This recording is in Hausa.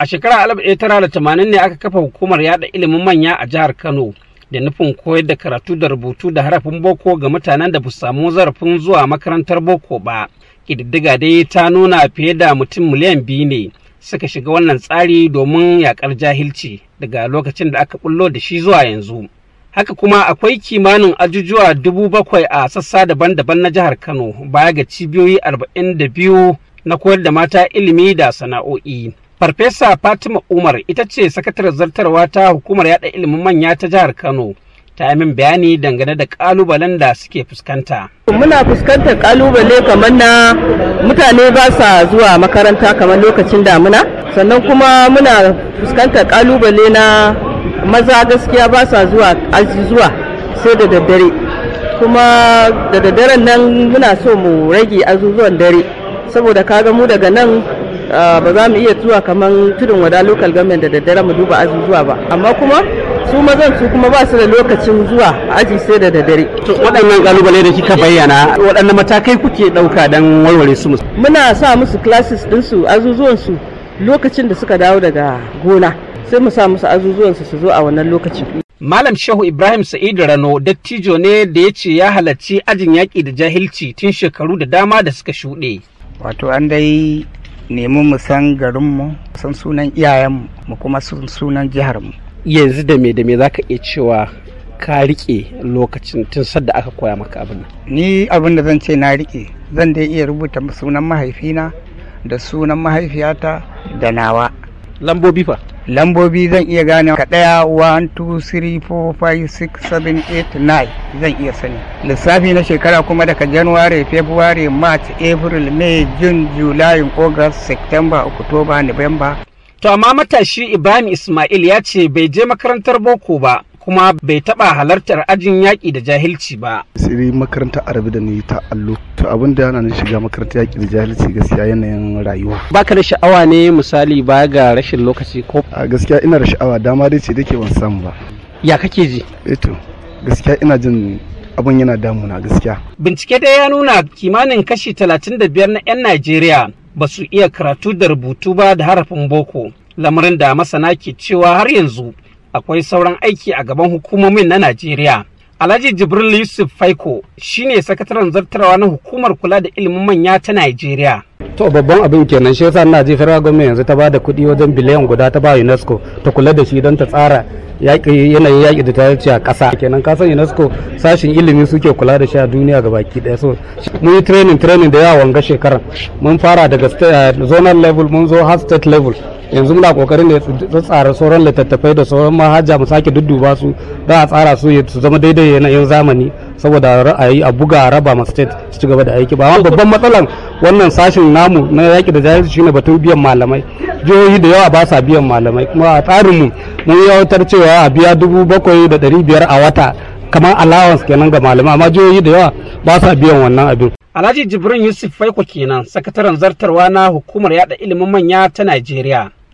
A shekarar 1980 ne aka kafa hukumar yaɗa ilimin manya a jihar Kano da nufin koyar da karatu da rubutu da harafin boko ga mutanen da ba samu zarafin zuwa makarantar boko ba. Ƙididdiga dai ta nuna fiye da mutum miliyan biyu ne suka shiga wannan tsari domin yakar jahilci daga lokacin da aka bullo da shi zuwa yanzu. haka kuma akwai kimanin ajujuwa dubu bakwai a sassa daban-daban na jihar kano baya ga cibiyoyi arba'in da biyu na koyar da mata ilimi da sana'o'i Farfesa Fatima Umar ita ce sakatar zartarwa ta hukumar yada ilimin manya ta jihar Kano. ta yi min bayani dangane da kalubalen da suke fuskanta. Muna fuskantar kalubale kamar na mutane ba sa zuwa makaranta kamar lokacin damuna, sannan kuma muna fuskantar kalubale na maza gaskiya ba sa zuwa zuwa sai da daddare. Kuma da daddaren nan muna so mu rage azuzuwan dare, saboda kaga mu daga nan Ah, ba za mu iya zuwa kamar tudun wada local government da daddare mu duba azuzuwa ba amma kuma su mazan su kuma ba su da lokacin zuwa aji sai da daddare. waɗannan kalubale da kika bayyana waɗannan matakai kuke ɗauka don warware su muna sa musu classes ɗinsu azuzuwan su lokacin da suka dawo daga gona sai mu sa musu azuzuwan su su zo a wannan lokacin. Malam Shehu Ibrahim Sa'idu Rano dattijo ne da ya ce ya halarci ajin yaƙi da jahilci tun shekaru da dama da suka shuɗe. Wato an dai nemi mu san garinmu san sunan iyayen mu kuma san sunan jiharmu yanzu da me da me zaka iya cewa ka rike lokacin tun sadda aka koya maka abin ni abin da zan ce na rike zan dai iya rubuta sunan mahaifina da sunan mahaifiyata da nawa lambobi fa lambobi zan iya gane ka ɗaya 1 2 3 4 5 6 7 8 9 zan iya sani lissafi na shekara kuma daga january february march april may june july august september october november to amma matashi ibrahim ismail ya ce bai je makarantar boko ba kuma bai taɓa halartar ajin yaƙi da jahilci ba. Siri makaranta arabi da ni ta allo. To abin da yana shiga makaranta yaƙi da jahilci gaskiya yanayin rayuwa. Baka da sha'awa ne misali ba ga rashin lokaci ko? A gaskiya ina da sha'awa dama dai ce dake ban samu ba. Ya kake ji? Eto eh gaskiya ina jin abin yana damuna gaskiya. Bincike dai ya nuna kimanin kashi 35 na 'yan Najeriya ba su iya karatu da rubutu ba da harafin boko. Lamarin da masana ke cewa har yanzu akwai sauran aiki a gaban hukumomin na Najeriya. Alhaji Jibril Yusuf Faiko shine sakataren zartarwa na hukumar kula da ilimin manya ta Najeriya. To babban abin kenan shi yasa ina ji federal government yanzu ta ba da kuɗi wajen biliyan guda ta ba UNESCO ta kula da shi don ta tsara yaƙi yanayin yaƙi da talauci a ƙasa kenan ka san UNESCO sashin ilimi suke kula da shi a duniya ga baki ɗaya so mun yi training training da yawa wanga shekaran mun fara daga eh, zonal level mun zo har state level yanzu muna kokarin ne su tsara sauran littattafai da sauran manhaja mu sake dudduba su da a tsara su su zama daidai yanayin zamani saboda ra'ayi a buga raba ma state su ci gaba da aiki ba babban matsalan wannan sashin namu na yaki da jahilci shine batun biyan malamai jihohi da yawa ba sa biyan malamai kuma a tsarin mu mun yawatar cewa a biya dubu bakwai da ɗari biyar a wata kamar allowance kenan ga malamai amma jihohi da yawa ba sa biyan wannan abin Alhaji Jibrin Yusuf Faiko kenan sakataren zartarwa na hukumar yada ilimin manya ta Najeriya.